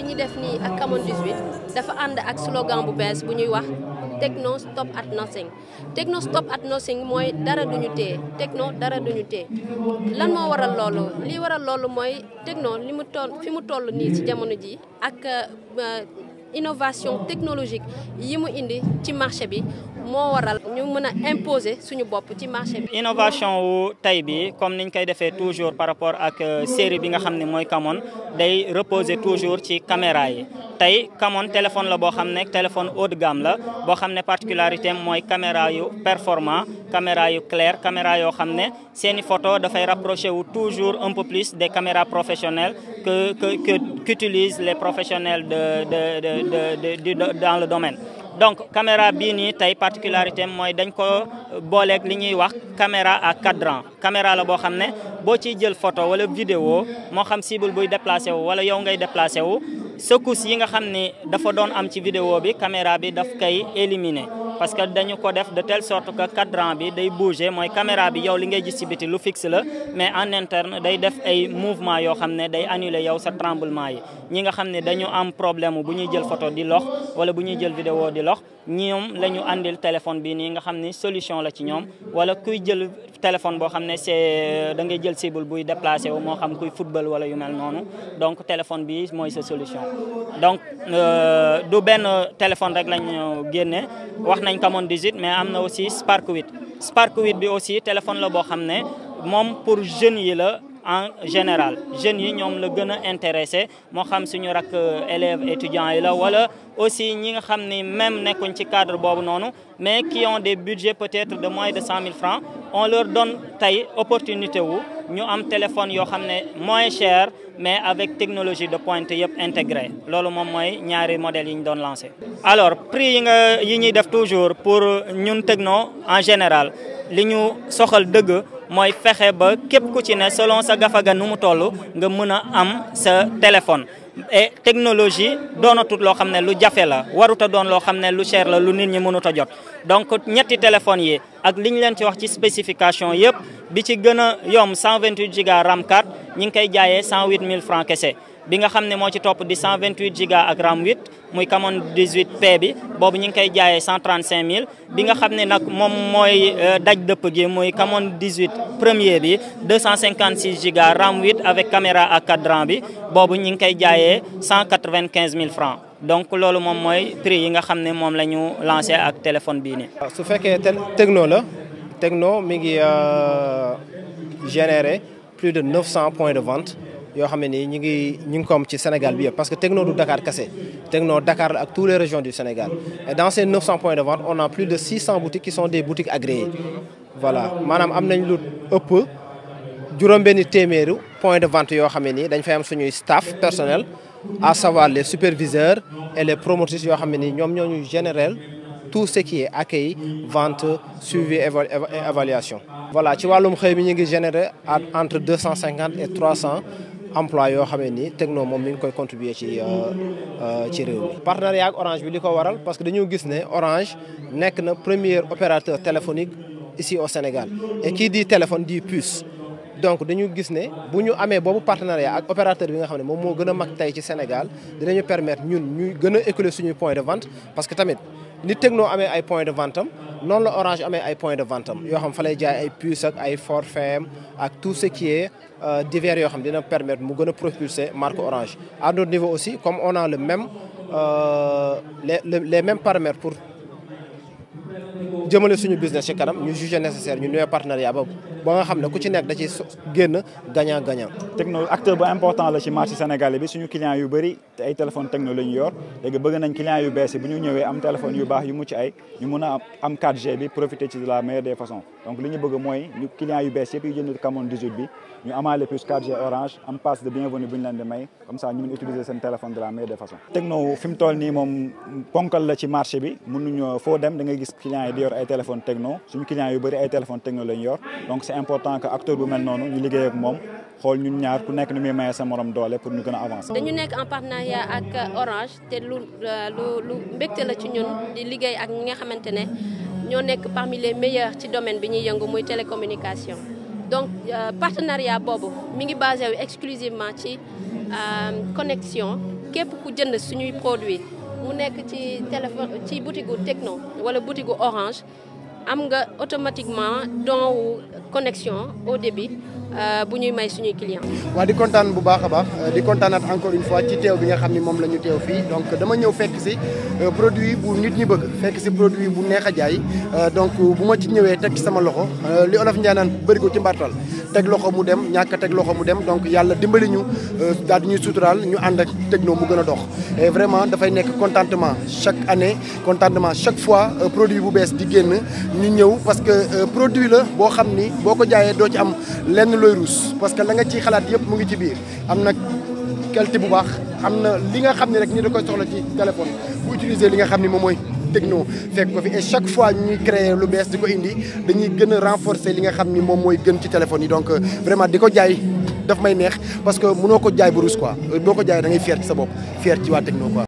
bi ñu def nii ak Camon 18 dafa ànd ak slogan bu bees bu ñuy wax techno stop at nothing techno stop at nothing mooy dara duñu téye techno dara duñu téye lan moo waral loolu li waral loolu mooy techno li mu toll fi mu toll nii ci jamono ji ak euh, innovation technologique yi mu indi ci marché bi moo waral ñu mën a imposer suñu bopp ci marché bi. innovation wu tey bi comme niñ koy defee toujours par rapport ak euh, série bi nga xam ne mooy Camon day reposer toujours ci caméra yi tey kamoon téléphone la boo xam ne téléphone haut de gamme la boo xam ne particularité mooy caméra yu performant caméra yu clair caméra yoo xam ne seeni photo dafay rapproché wu toujours un peu plus des caméras professionnelles que que que qu'utilisent les professionnels de de de de dans le domaine. donc caméra bii nii tey particularité mooy dañ ko euh, booleek li ñuy wax caméra à cadran caméra la boo xam ne boo ciy jël photo wala vidéo moo xam cible buy déplacé wu wala yow ngay déplacé wu secousse yi nga xam ni dafa doon am ci vidéo bi caméra bi daf koy éliminer parce que dañu ko def de telle sorte que cadran bi day bouger mooy caméra bi yow li ngay gis ci biti lu fixe la mais en interne day def ay mouvement yoo xam ne day annuler yow sa tremblement yi ñi nga xam ne dañu am problème bu ñuy jël photo di lox wala bu ñuy jël vidéo di lox ñoom la ñu téléphone bi nii nga xam ni solution la ci ñoom wala kuy jël téléphone boo xam ne c'est da ngay jël cible buy déplacé wu moo xam kuy football wala yu mel noonu donc téléphone bi mooy sa solution. donc euh, du benn téléphone rek lañu génne wax nañ Camon 18 mais am na aussi Spark 8 Spark 8 bi aussi téléphone la boo xam ne moom pour jeunes yi la. en général jeunes yi ñoom la gën a intéressé moo xam suñu rak élèves étudiants yi la wala aussi ñi nga xam ni même nekkuñ ci cadre boobu noonu mais qui ont des budgets peut-être de moins de cent francs on leur donne tey opportunité wu ñu am téléphone yoo xam ne moins cher mais avec technologie de pointe yëpp intégré loolu moom mooy ñaari modèles yi ñu doon lancé. alors prix yi nga def toujours pour ñun Tekno en général li ñu soxal dëgg. mooy fexe ba képp ku ci ne selon sa gafaga nu mu toll nga mën a am sa téléphone. e technologie doonatut loo xam ne lu jafe la warut a doon loo xam ne lu cher la lu nit ñi mënut a jot donc ñetti téléphones yi ak li ñu leen ci wax ci spécification yëpp bi ci gën a yomb 128 giga RAM 4 ñi ngi koy jaayee 108000 francs kese. bi nga xam ne moo ci topp di 128 giga ak RAM 8 muy Camon 18P bi boobu ñu ngi koy jaayee 135000 bi nga xam ne nag moom mooy euh, daj dëpp gi muy Camon 18 premier bi 256 giga RAM 8 avec caméra à cadran bi boobu ñu ngi koy jaayee 195000 francs donc loolu moom mooy prix yi nga xam ne moom la ñu lancé ak téléphone bii nii. su fekkee Tecno la Tecno mi ngi euh, généré plus de 900 points de vente. yoo xam ne nii ñu ngi ñu ngi koom ci Sénégal bi yëpp parce que Tecno du Dakar kese Tecno Dakar la ak toutes les régions du Sénégal et dans ce 900 points de vente on a plus de 600 boutiques qui sont des boutiques agréées voilà maanaam am nañu lu ëpp juróom-benni téeméeru point de vente yoo xam ne nii dañ fay am suñuy staff personnel à savoir les superviseurs et les promoteurs yoo xam ne nii ñoom ñoo ñu général tout ce qui est accueil vente suivi évaluation. voilà ci wàllum xëy mi ñu ngi générer entre deux cent cinquante et cent emploi yoo xamee ni Tekno moom mi ngi koy contribuer ci euh, euh, ci réew mi. partenariat ak Orange bi li ko waral parce que dañoo gis ne Orange nekk na premier opérateur téléphonique ici au Sénégal et qui dit téléphone di puce. donc dañu gis ne bu ñu amee boobu partenariat ak opérateur bi nga xam ne moom moo gën a mag tey ci Sénégal dinañu permettre ñun ñu gën a écouler suñuy point de vente parce que tamit. ni Tecno amee ay point de vente am noonu la Orange amee ay point de vente am yoo xam fa lay jaay ay puces ak ay forfaits ak tout ce qui est euh, divers yoo xam dina permettre mu gën a propulser marque Orange à notre aussi comme on a le même euh, les les mêmes paramètres pour jëmale suñu business ci kanam ñu jugé nécessaire ñu ci da génn gagnant gagnant. techno acteur bu important la ci marché sénégalais bi suñu client yu bëri te ay téléphone techno la ñu yor léegi nañ client yu bees yi bu ñu ñëwee am téléphone yu baax yu mucc ay ñu mun am 4 bi profiter ci de la meilleure des façons donc li ñu bëgg mooy client yu bees yëpp yu jënd Camon bi ñu amaale plus 4 orange am passe de bienvenue bu ñu leen di may comme ça ñu mun utiliser ay téléphone techno suñu clients yu bëri ay téléphone techno lañ yor donc c' important que acteur bu mel noonu ñu liggéey moom xool ñun ñaar ku nekk ni muy mayee sa morom doole pour ñu gën a avancer. dañu nekk en partenariat ak Orange te lu lu la ci ñun di liggéey ak ñi nga xamante ne ñoo nekk parmi les meilleurs ci domaine bi ñuy yëngu muy télécommunication donc euh, partenariat boobu mi ngi basé exclusivement ci euh, connexion képp ku jënd suñuy produit mu nekk ci téléphone ci boutique Techno wala boutique Orange am nga automatiquement don wu connexion au débit euh, bu ñuy may suñuy client waa di kontaan bu baax a baax euh, di kontaanaat encore une fois ci teew bi nga xam ni moom la ñu teew fii donc dama ñëw fekk si euh, produit bu nit ñi bëgg fekk si produit bu neex a jaay donc bu ma ci ñëwee teg ci sama loxo li olof Ndiaye naan bërigo ci mbartal teg loxo mu dem ñàkk teg loxo mu dem donc yàlla dimbali ñu euh, daal di ñuy suturaal ñu ànd ak Tekno mu gën a dox. et vraiment dafay nekk contentement chaque année contentement chaque fois euh, produit bu bees di génn ñu ñëw parce que euh, produit la boo xam ni boo ko jaayee doo ci am lenn looy ruus parce que la nga ciy xalaat yëpp mu ngi ci biir am na qualité bu baax am na li nga xam ne rek ñu da koy soxla ci téléphone bu utiliser li nga xam ni moom mooy. techno fekk ko fi et chaque fois ñuy créer lu bees di ko indi dañuy gën a renforcer li nga xam ni moom mooy gën ci téléphone yi donc euh, vraiment di ko jaay daf may neex parce que mënoo ko jaay bu rus quoi euh, boo ko jaayee da ngay fier ci sa bopp fier ci waa techno quoi.